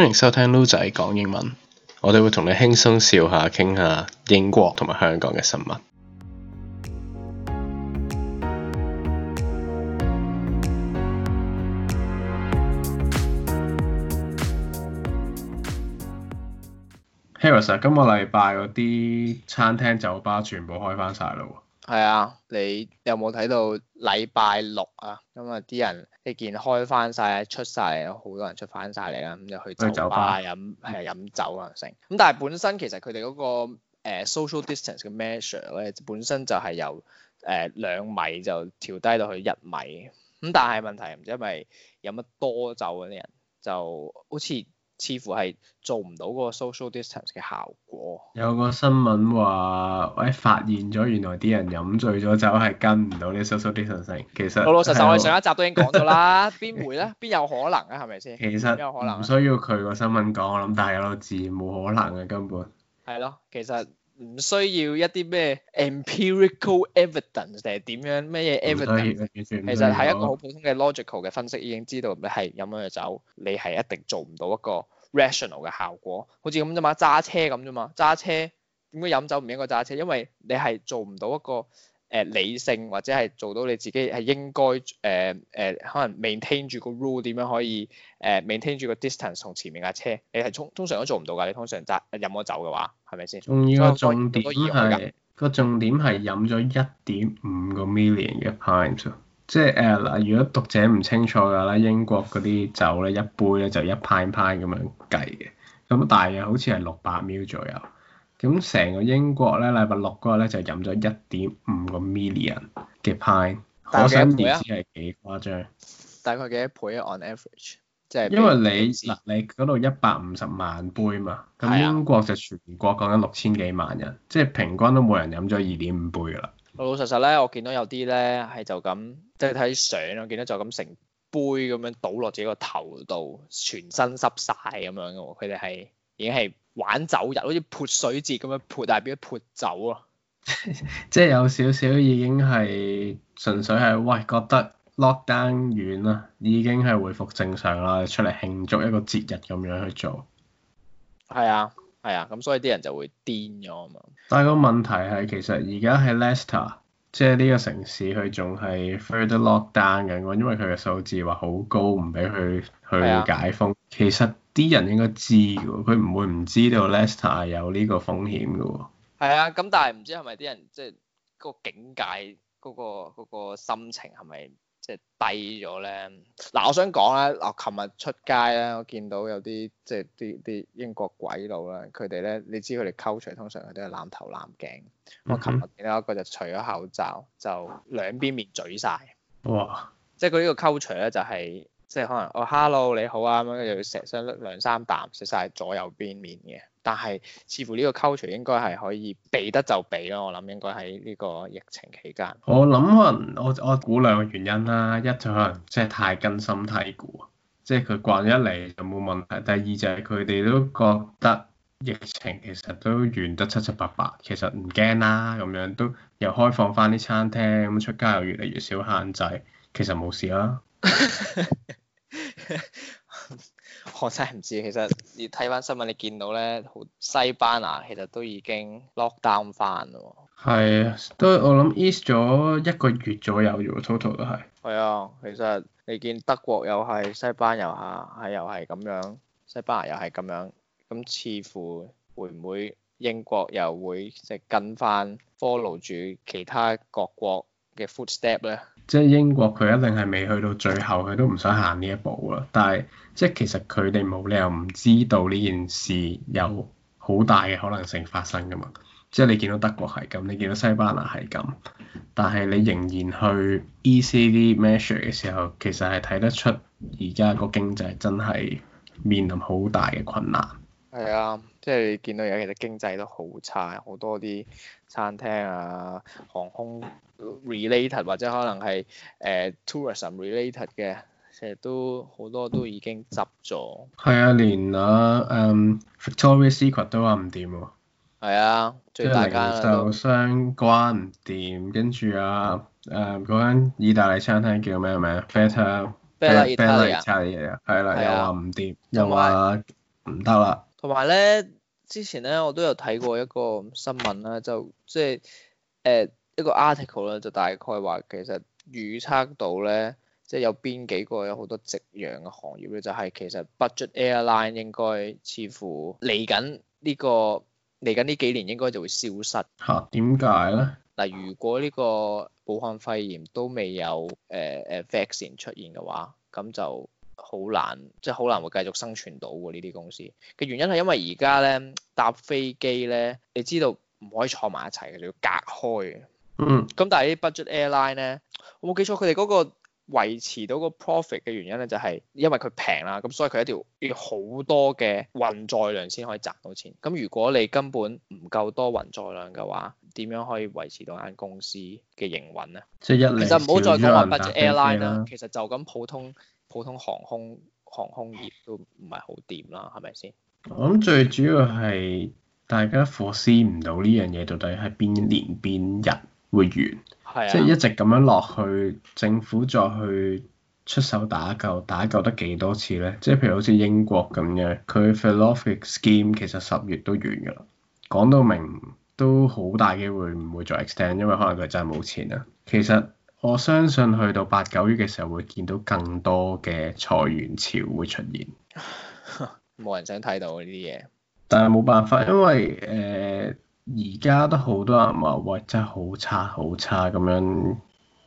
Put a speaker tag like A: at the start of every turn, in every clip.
A: 歡迎收聽 Loo 仔講英文，我哋會同你輕鬆笑下、傾下英國同埋香港嘅新聞。Hey, Harris，今個禮拜嗰啲餐廳、酒吧全部開返晒咯。
B: 係啊，你有冇睇到禮拜六啊？咁啊啲人一件開翻曬，出曬，好多人出翻曬嚟啦，咁就去酒吧，去酒吧飲，係、啊、飲酒啊成。咁、嗯、但係本身其實佢哋嗰個誒、呃、social distance 嘅 measure 咧，本身就係由誒兩、呃、米就調低到去一米。咁、嗯、但係問題唔知因為飲得多酒嗰啲人，就好似。似乎係做唔到嗰個 social distance 嘅效果。
A: 有個新聞話，喂，發現咗原來啲人飲醉咗酒係跟唔到呢 social distance。其實老老實實是我哋 上一集都已經講咗啦，
B: 邊會咧？邊有可能啊？係咪先？其實邊有可能、
A: 啊？唔需要佢個新聞講，我諗但係有個字冇可能嘅根本。係咯，
B: 其實。唔需要一啲咩 empirical evidence 定係點樣咩嘢 evidence，
A: 其實係一個好普
B: 通嘅 logical 嘅分析，已經知道你係飲咗嘢酒，你係一定做唔到一個 rational 嘅效果，好似咁啫嘛，揸車咁啫嘛，揸車點解飲酒唔應該揸車，因為你係做唔到一個。誒理性或者係做到你自己係應該誒誒、呃，可能 maintain 住個 rule 點樣可以誒、呃、maintain 住個 distance 同前面架車，你係通通常都做唔到㗎，你通常揸飲咗酒嘅話，係咪先？重要個重點係
A: 個重點係飲咗一點五個 million 嘅 pint，即係誒嗱，如果讀者唔清楚㗎啦，英國嗰啲酒咧一杯咧就一 pint pint 咁樣計嘅，咁大約好似係六百 ml 左右。咁成個英國咧，禮拜六嗰日咧就飲咗一點五個 million 嘅 pint，可想而知係幾誇張。
B: 大概幾多杯啊？On average，即係因為
A: 你嗱，你嗰度一百五十萬杯嘛，咁英國就全國講緊六千幾萬人，即係平均都冇人飲咗二點五杯噶啦。
B: 老老實實咧，我見到有啲咧係就咁，即係睇相啊，我見到就咁成杯咁樣倒落自己個頭度，全身濕晒咁樣嘅喎，佢哋係已經係。玩酒日好似潑水節咁樣潑，大潑走，但表示潑酒咯。
A: 即係有少少已經係純粹係喂覺得 lockdown 完啦，已經係回復正常啦，出嚟慶祝一個節日咁樣去做。
B: 係啊，係啊，咁所以啲人就會癲咗啊嘛。
A: 但係個問題係，其實而家喺 Leicester 即係呢個城市佢仲係 third lockdown 嘅，因為佢嘅數字話好高，唔俾佢去解封。啊、其實啲人應該知嘅喎，佢唔會唔知道 Lester 係有呢個風險嘅
B: 喎。哦。係啊，咁但係唔知係咪啲人即係嗰個境界嗰、嗰個、嗰個心情係咪即係低咗咧？嗱、啊，我想講咧，我琴日出街咧，我見到有啲即係啲啲英國鬼佬啦，佢哋咧，你知佢哋溝除通常佢都係攬頭攬頸，嗯、哼我琴日見到一個就除咗口罩，就兩邊面嘴晒。哇！即係佢呢個溝除咧，就係，是。即係可能哦，hello 你好啊，咁樣又要錫上兩三啖，食曬左右邊面嘅。但係似乎呢個 culture 應該係可以避得就避咯，我諗應該喺呢個疫情期間。
A: 我諗可能我我估兩個原因啦，一就可能即係太根深蒂固，即係佢慣一嚟就冇問題。第二就係佢哋都覺得疫情其實都完得七七八八，其實唔驚啦，咁樣都又開放翻啲餐廳，咁出街又越嚟越少限制，其實冇事啦。
B: 我真係唔知，其實你睇翻新聞你，你見到咧，好西班牙其實都已經 lock down 翻咯。
A: 係啊，都我諗 east 咗一個月左右如果 total 都係。
B: 係啊，其實你見德國又係，西班牙又係，係又係咁樣，西班牙又係咁樣，咁似乎會唔會英國又會即係跟翻 follow 住其他各國？嘅 footstep 咧，
A: 即係英國佢一定係未去到最後，佢都唔想行呢一步啦。但係即係其實佢哋冇理由唔知道呢件事有好大嘅可能性發生㗎嘛。即係你見到德國係咁，你見到西班牙係咁，但係你仍然去 ECD measure 嘅時候，其實係睇得出而家個經濟真係面臨好大嘅困難。
B: 係啊，即係你見到有其實經濟都好差，好多啲餐廳啊、航空 related 或者可能係誒 tourism related 嘅，其實都好多都已經執咗。
A: 係啊，連啊誒、嗯 um, Victoria Secret 都話唔掂
B: 喎。係啊，最大零就
A: 相關唔掂，跟住啊誒嗰間意大利餐廳叫咩名啊？Fatele，意大利啊，係啦，又話唔掂，又話唔得啦。
B: 同埋咧，之前咧我都有睇過一個新聞啦，就即係誒一個 article 啦，就大概話其實預測到咧，即係有邊幾個有好多夕陽嘅行業咧，就係其實 budget airline 應該似乎嚟緊呢個嚟緊呢幾年應該就會消失
A: 嚇。點解咧？
B: 嗱，如果呢個武漢肺炎都未有誒誒 vaccine 出現嘅話，咁就。好難，即係好難會繼續生存到喎，呢啲公司嘅原因係因為而家咧，搭飛機咧，你知道唔可以坐埋一齊嘅，就要隔開嘅。嗯。咁但係啲 budget airline 咧，我冇記錯，佢哋嗰個維持到個 profit 嘅原因咧，就係、是、因為佢平啦，咁所以佢一定要好多嘅運載量先可以賺到錢。咁如果你根本唔夠多運載量嘅話，點樣可以維持到間公司嘅營運咧？即係一其實唔好再講話 budget airline 啦、啊，啊、其實就咁普通。普通航空航空業都唔係好掂啦，係咪先？
A: 我諗最主要係大家 foresee 唔到呢樣嘢到底係邊年邊日會完，
B: 係啊，即係一直
A: 咁樣落去，政府再去出手打救，打救得幾多次咧？即係譬如好似英國咁樣，佢 Philosophic Scheme 其實十月都完㗎啦，講到明都好大機會唔會再 extend，因為可能佢真係冇錢啊。其實。我相信去到八九月嘅時候會見到更多嘅裁員潮會出現，
B: 冇人想睇到呢啲嘢。
A: 但係冇辦法，因為誒而家都好多人話，喂，真係好差好差咁樣，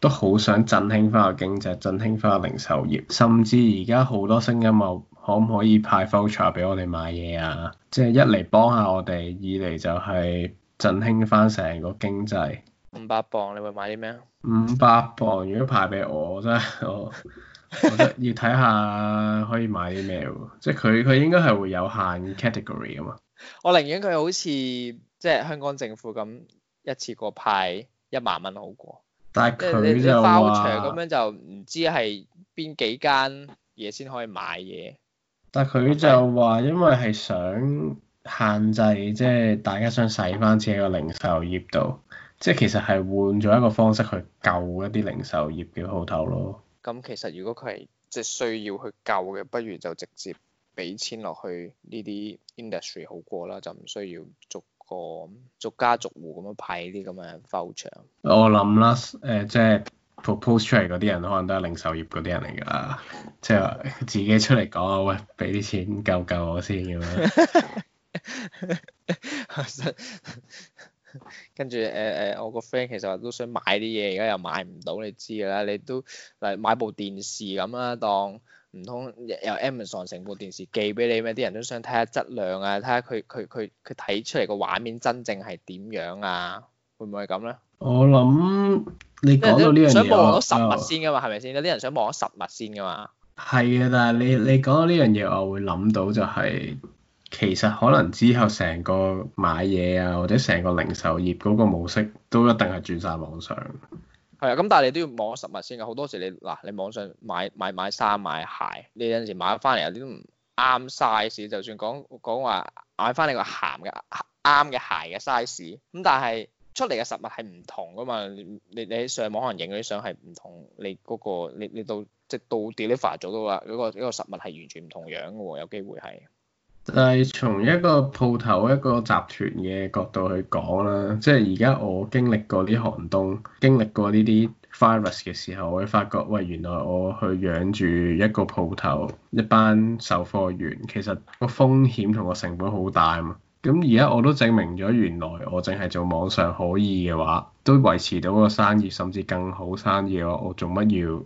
A: 都好想振興翻個經濟，振興翻個零售業。甚至而家好多聲音話，可唔可以派 voucher 俾我哋買嘢啊？即係一嚟幫一下我哋，二嚟就係振興翻成個經濟。
B: 五百磅你會買啲咩？
A: 五百磅如果派俾我，我真係我覺得要睇下可以買啲咩喎， 即係佢佢應該係會有限 category 噶嘛。
B: 我寧願佢好似即係香港政府咁，一次過派一萬蚊好過。
A: 但係佢就話咁、er、
B: 樣就唔知係邊幾間嘢，先可以買嘢。
A: 但係佢就話因為係想限制，即、就、係、是、大家想使翻錢喺個零售業度。即係其實係換咗一個方式去救一啲零售業嘅鋪頭咯。
B: 咁其實如果佢係即係需要去救嘅，不如就直接俾錢落去呢啲 industry 好過啦，就唔需要逐個逐家逐戶咁樣派啲咁嘅 voucher。
A: 我諗啦，誒、呃、即係、就是、propose 出嚟嗰啲人可能都係零售業嗰啲人嚟㗎，即係 自己出嚟講啊，喂，俾啲錢救救我
B: 先咁樣。 跟住誒誒，我個 friend 其實都想買啲嘢，而家又買唔到，你知噶啦。你都嚟買部電視咁啦，當唔通由 Amazon 成部電視寄俾你咩？啲人都想睇下質量啊，睇下佢佢佢佢睇出嚟個畫面真正係點樣啊？會唔會係咁咧？
A: 我諗你講到呢樣嘢，想望到實物先
B: 噶嘛，係咪先？有啲人想望到實物先噶嘛。
A: 係啊，但係你你講到呢樣嘢，我會諗到就係、是。其實可能之後成個買嘢啊，或者成個零售業嗰個模式都一定係轉晒網上。
B: 係啊，咁但係你都要望實物先㗎。好多時你嗱，你網上買買買衫買、買鞋，你有陣時買翻嚟有啲都唔啱 size。就算講講話買翻你個鹹嘅啱嘅鞋嘅 size，咁但係出嚟嘅實物係唔同㗎嘛？你你喺上網可能影嗰啲相係唔同，你嗰、嗰個你你到即、即係、到 deliver 咗到啦，嗰個嗰個實物係完全唔同樣嘅喎，有機會係。
A: 就係從一個鋪頭一個集團嘅角度去講啦，即係而家我經歷過啲寒冬，經歷過呢啲 virus 嘅時候，我會發覺喂原來我去養住一個鋪頭一班售貨員，其實個風險同個成本好大啊嘛！咁而家我都證明咗，原來我淨係做網上可以嘅話，都維持到個生意，甚至更好生意。我做乜要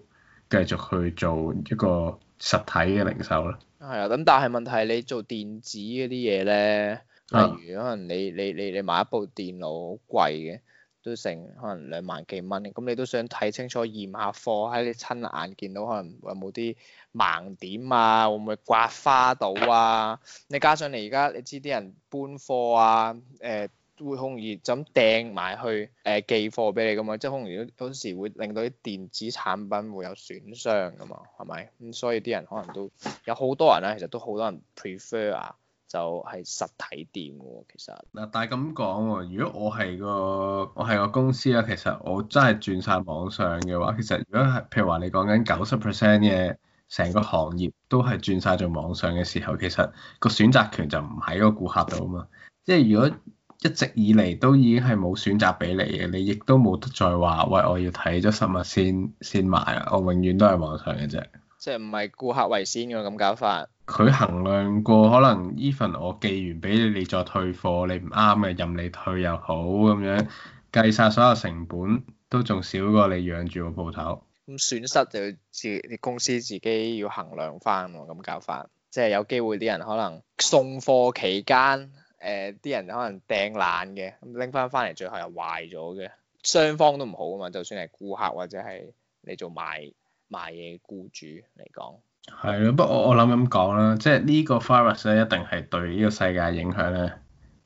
A: 繼續去做一個實體嘅零售咧？
B: 係啊，咁但係問題，係你做電子嗰啲嘢咧，啊、例如可能你你你你買一部電腦好貴嘅都成可能兩萬幾蚊，咁你都想睇清楚驗下貨，喺你親眼見到可能有冇啲盲點啊，會唔會刮花到啊？你加上你而家你知啲人搬貨啊，誒、呃。會好容易就咁掟埋去，誒，寄貨俾你噶嘛，即係好容易有時會令到啲電子產品會有損傷噶嘛，係咪？咁所以啲人可能都有好多人咧、啊，其實都好多人 prefer 啊，就係實體店喎。其實
A: 嗱，但係咁講喎，如果我係個我係個公司啦，其實我真係轉晒網上嘅話，其實如果係譬如話你講緊九十 percent 嘅成個行業都係轉晒做網上嘅時候，其實個選擇權就唔喺個顧客度啊嘛，即係如果。一直以嚟都已經係冇選擇俾你嘅，你亦都冇得再話喂我要睇咗實物先先買啊！我永遠都係網上嘅啫，
B: 即係唔係顧客為先嘅咁搞法。
A: 佢衡量過，可能依份我寄完俾你，你再退貨，你唔啱嘅任你退又好咁樣，計晒所有成本都仲少過你養住個鋪頭。
B: 咁損失就要自啲公司自己要衡量返喎，咁搞法。即係有機會啲人可能送貨期間。誒啲、呃、人可能掟爛嘅，咁拎翻翻嚟最後又壞咗嘅，雙方都唔好啊嘛！就算係顧客或者係你做賣賣嘢僱主嚟講，
A: 係啊。不過我諗咁講啦，即係呢個 virus 呢，一定係對呢個世界影響咧，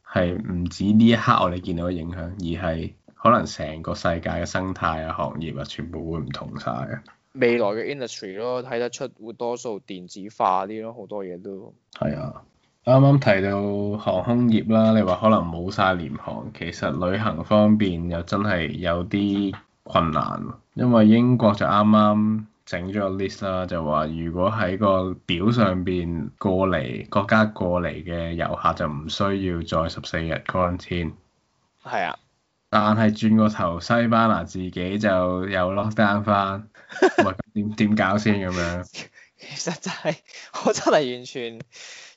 A: 係唔止呢一刻我哋見到嘅影響，而係可能成個世界嘅生態啊、行業啊，全部會唔同晒嘅
B: 未來嘅 industry 咯，睇得出會多數電子化啲咯，好多嘢都係啊。
A: 啱啱提到航空業啦，你話可能冇晒廉航，其實旅行方面又真係有啲困難，因為英國就啱啱整咗個 list 啦，就話如果喺個表上邊過嚟國家過嚟嘅遊客就唔需要再十四日 quarantine。係啊。但係轉個頭西班牙自己就有 lock down 翻，點點搞先咁樣？
B: 其實就係，我真係完全。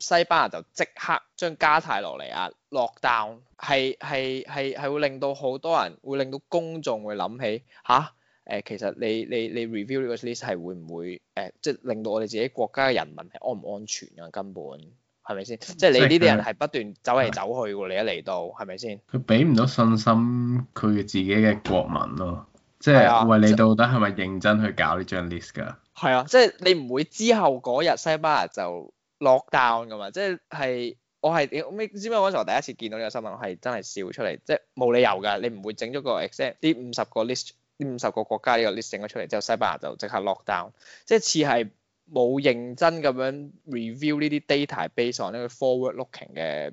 B: 西班牙就即刻將加泰羅尼亞落 down 係係係係會令到好多人，會令到公眾會諗起吓，誒，其實你你你 review 呢個 list 係會唔會誒，即係令到我哋自己國家嘅人民係安唔安全㗎？根本係咪先？即係你呢啲人係不斷走嚟走去喎，你一嚟到係咪先？
A: 佢俾唔到信心佢自己嘅國民咯，即係喂 Yeah, 你到底係咪認真去搞呢張 list 㗎？係啊，
B: 即係你唔會之後嗰日西班牙就 lock down 咁嘛，即係我係你知唔知我嗰時候第一次見到呢個新聞，我係真係笑出嚟，即係冇理由噶，你唔會整咗個 excel，啲五十個 list，啲五十個國家呢個 list 整咗出嚟之後，西班牙就即刻 lock down，即係似係冇認真咁樣 review 呢啲 data based on 呢啲 forward looking 嘅誒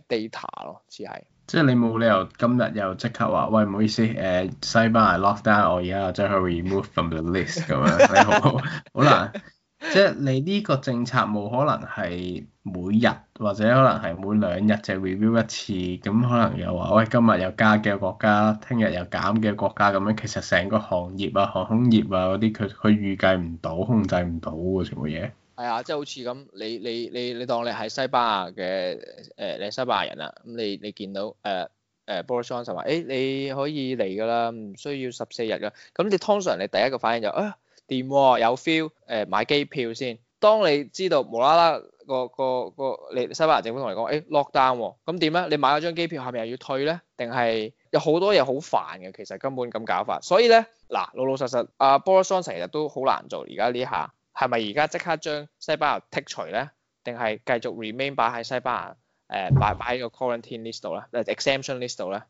B: 誒誒 data 咯，似係。
A: 即係你冇理由今日又即刻話，喂唔好意思，誒西班牙 lock down，我而家又將佢 remove from the list 咁 樣你好，好難。 即係你呢個政策冇可能係每日或者可能係每兩日就 review 一次，咁可能又話喂今日又加嘅國家，聽日又減嘅國家咁樣，其實成個行業啊、航空業啊嗰啲佢佢預計唔到，控制唔到嘅全部嘢。
B: 係啊，即係好似咁，你你你你，你當你係西班牙嘅誒、呃，你西班牙人啊，咁你你見到誒誒 Boris Johnson 話你可以嚟㗎啦，唔需要十四日㗎，咁你通常你第一個反應就啊、是、～、呃掂有 feel？誒、呃、買機票先。當你知道無啦啦個個個，你西班牙政府同你講，誒、欸、lock down，咁點咧？你買咗張機票，係咪又要退咧？定係有好多嘢好煩嘅，其實根本咁搞法。所以咧，嗱老老實實，阿、啊、Boris Johnson 其實都好難做。而家呢下係咪而家即刻將西班牙剔除咧？定係繼續 remain 擺喺西班牙誒擺擺喺個 quarantine list 度咧，exemption list 度咧？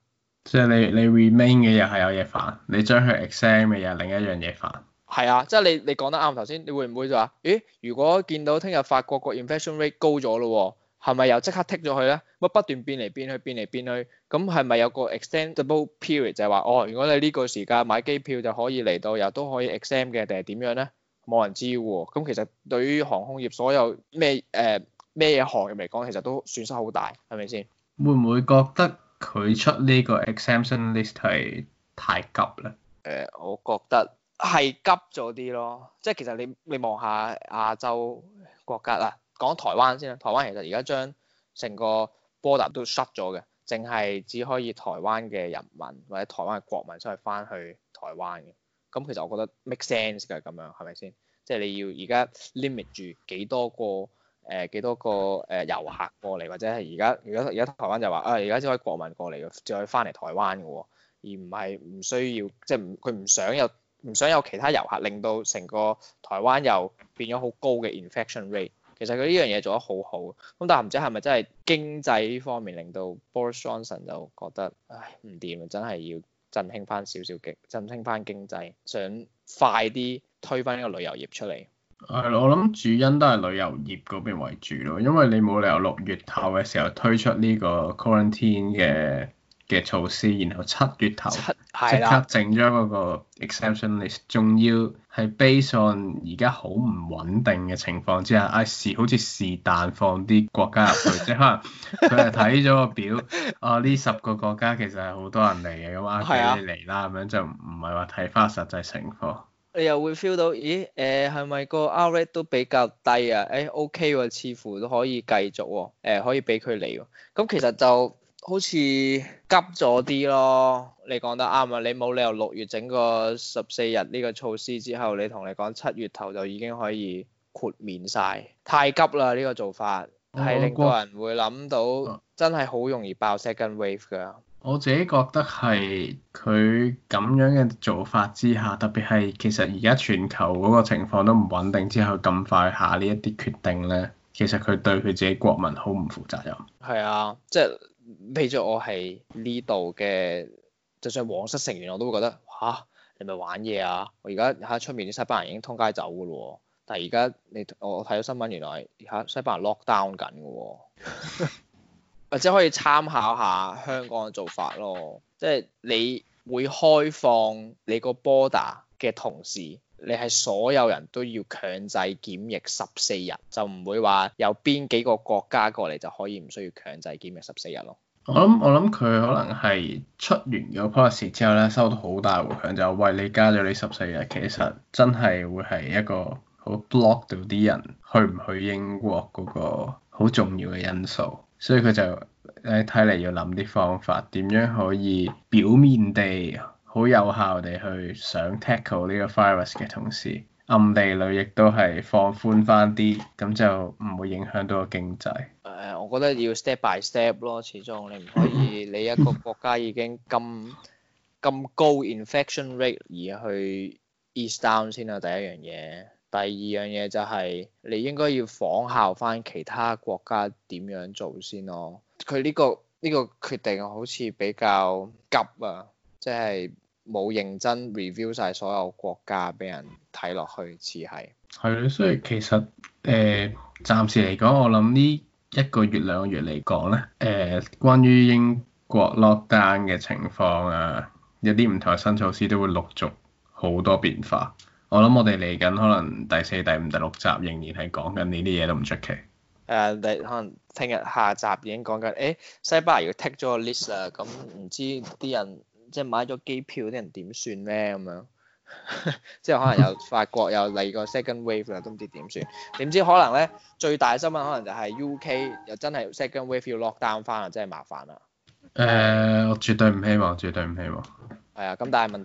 A: 即係你你 remain 嘅嘢係有嘢煩，你將佢 exempt 嘅嘢另一樣嘢煩。
B: 係啊，即係你你講得啱頭先，你，你會唔會就話，咦？如果見到聽日法國個 inflation rate 高咗咯，係咪又即刻剔咗佢咧？乜不斷變嚟變去，變嚟變去，咁係咪有個 extendable period 就係話，哦，如果你呢個時間買機票就可以嚟到又，又都可以 exam 嘅，定係點樣咧？冇人知喎。咁其實對於航空業所有咩誒咩嘢行業嚟講，其實都損失好大，係咪先？
A: 會唔會覺得佢出呢個 exemption list 係太急咧？
B: 誒、呃，我覺得。係急咗啲咯，即係其實你你望下亞洲國家啦，講台灣先啦，台灣其實而家將成個 border 都 shut 咗嘅，淨係只可以台灣嘅人民或者台灣嘅國民出去翻去台灣嘅，咁、嗯、其實我覺得 make sense 嘅，咁樣係咪先？即係你要而家 limit 住幾多個誒幾、呃、多個誒遊客過嚟，或者係而家而家而家台灣就話啊而家只可以國民過嚟嘅，只可以翻嚟台灣嘅，而唔係唔需要即係唔佢唔想有。唔想有其他遊客，令到成個台灣又變咗好高嘅 infection rate。其實佢呢樣嘢做得好好，咁但係唔知係咪真係經濟呢方面令到 Boris Johnson 就覺得唉唔掂啊，真係要振興翻少少經，振興翻經濟，想快啲推翻呢個旅遊業出嚟。
A: 係咯，我諗主因都係旅遊業嗰邊為主咯，因為你冇理由六月頭嘅時候推出呢個 quarantine 嘅。嘅措施，然後七月頭即刻整咗嗰個 exemption list，仲要係 based on 而家好唔穩定嘅情況之下，I 是、哎、好似是但放啲國家入去， 即係可能佢係睇咗個表， 啊呢十個國家其實係好多人嚟嘅，咁啱佢嚟啦，咁、啊、樣的就唔唔係話睇翻實際情況。
B: 你又會 feel 到，咦？誒係咪個 R rate 都比較低啊？誒、哎、OK 喎，似乎都可以繼續，誒、呃、可以俾佢嚟喎。咁其實就～好似急咗啲咯，你講得啱啊！你冇理由六月整個十四日呢個措施之後，你同你講七月頭就已經可以豁免晒。太急啦！呢、呢個做法
A: 係、哦、令到人
B: 會諗到，哦、真係好容易爆 second wave 㗎。
A: 我自己覺得係佢咁樣嘅做法之下，特別係其實而家全球嗰個情況都唔穩定，之後咁快下呢一啲決定咧，其實佢對佢自己國民好唔負責任。
B: 係啊，即係。譬如我係呢度嘅，就算皇室成員我都會覺得，嚇你咪玩嘢啊！我而家喺出面啲西班牙已經通街走噶咯，但係而家你我睇到新聞，原來而家西班牙人 lock down 緊噶喎，或 者 可以參考下香港嘅做法咯，即係你會開放你個 border 嘅同時。你係所有人都要強制檢疫十四日，就唔會話有邊幾個國家過嚟就可以唔需要強制檢疫十四日咯。我諗
A: 我諗佢可能係出完個 policy 之後咧，收到好大回響，就是、喂，你加咗你十四日，其實真係會係一個好 block 到啲人去唔去英國嗰個好重要嘅因素，所以佢就誒睇嚟要諗啲方法，點樣可以表面地。好有效地去上 tackle 呢個 virus 嘅同時，暗地裏亦都係放寬翻啲，咁就唔會影響到個經濟。
B: 誒、呃，我覺得要 step by step 咯，始終你唔可以你一個國家已經咁咁 高 infection rate 而去 ease down 先啊，第一樣嘢。第二樣嘢就係你應該要仿效翻其他國家點樣做先咯、啊。佢呢、呢個呢、呢個決定好似比較急啊，即係。冇認真 review 晒所有國家，俾人睇落去似係。
A: 係咯，所以其實誒、呃，暫時嚟講，我諗呢一個月兩個月嚟講咧，誒、呃，關於英國 lockdown 嘅情況啊，有啲唔同嘅新措施都會陸續好多變化。我諗我哋嚟緊可能第四、第五、第六集仍然係講緊呢啲嘢都唔出奇。
B: 誒，uh, 可能聽日下集已經講緊，誒、欸，西班牙要 take 咗個 list 啦、啊，咁、嗯、唔知啲人。即係買咗機票啲人點算咧？咁樣，即係可能又發覺又嚟個 second wave 啦，都唔知點算。點知可能咧，最大新聞可能就係 UK 又真係 second wave 要 lock down 翻啊，真係麻煩啦。
A: 誒、呃，我絕對唔希望，絕對唔希望。
B: 係啊，咁但係問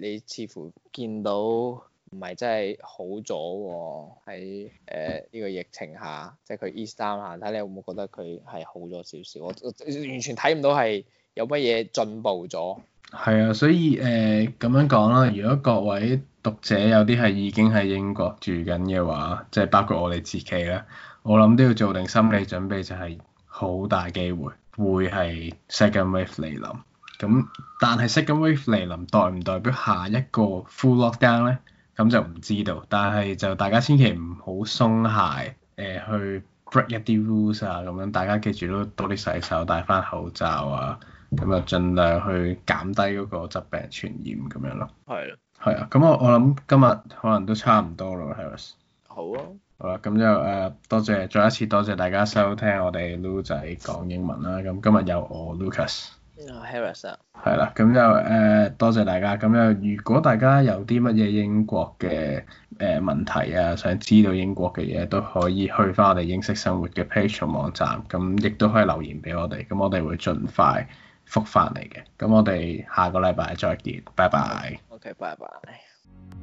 B: 題你似乎見到唔係真係好咗喎、啊。喺誒呢個疫情下，即、就、係、是、佢 east down 下，睇你有冇覺得佢係好咗少少？我完全睇唔到係有乜嘢進步咗。
A: 係啊，所以誒咁樣講啦，如果各位讀者有啲係已經喺英國住緊嘅話，即係包括我哋自己啦，我諗都要做定心理準備，就係好大機會會係 second wave 嚟臨。咁但係 second wave 嚟臨代唔代表下一個 full lockdown 咧？咁就唔知道。但係就大家千祈唔好鬆懈，誒去 break 一啲 rules 啊，咁樣大家記住都多啲洗手，戴翻口罩啊。咁就盡量去減低嗰個疾病傳染咁樣咯。係啊的，係啊，咁我我諗今日可能都差唔多啦，Harris。Harris、好。啊，好啦，咁就誒、呃、多謝，再一次多謝大家收聽我哋 Lu 仔講英文啦。咁、啊、今日有我 Lucas。
B: 啊，Harris 啊。
A: 係啦、啊，咁就誒、呃、多謝大家。咁又如果大家有啲乜嘢英國嘅誒問題啊，想知道英國嘅嘢都可以去翻我哋英式生活嘅 page 同網站，咁亦都可以留言俾我哋，咁我哋會盡快，.覆翻嚟嘅，咁我哋下個禮拜再見。拜拜。OK，拜拜。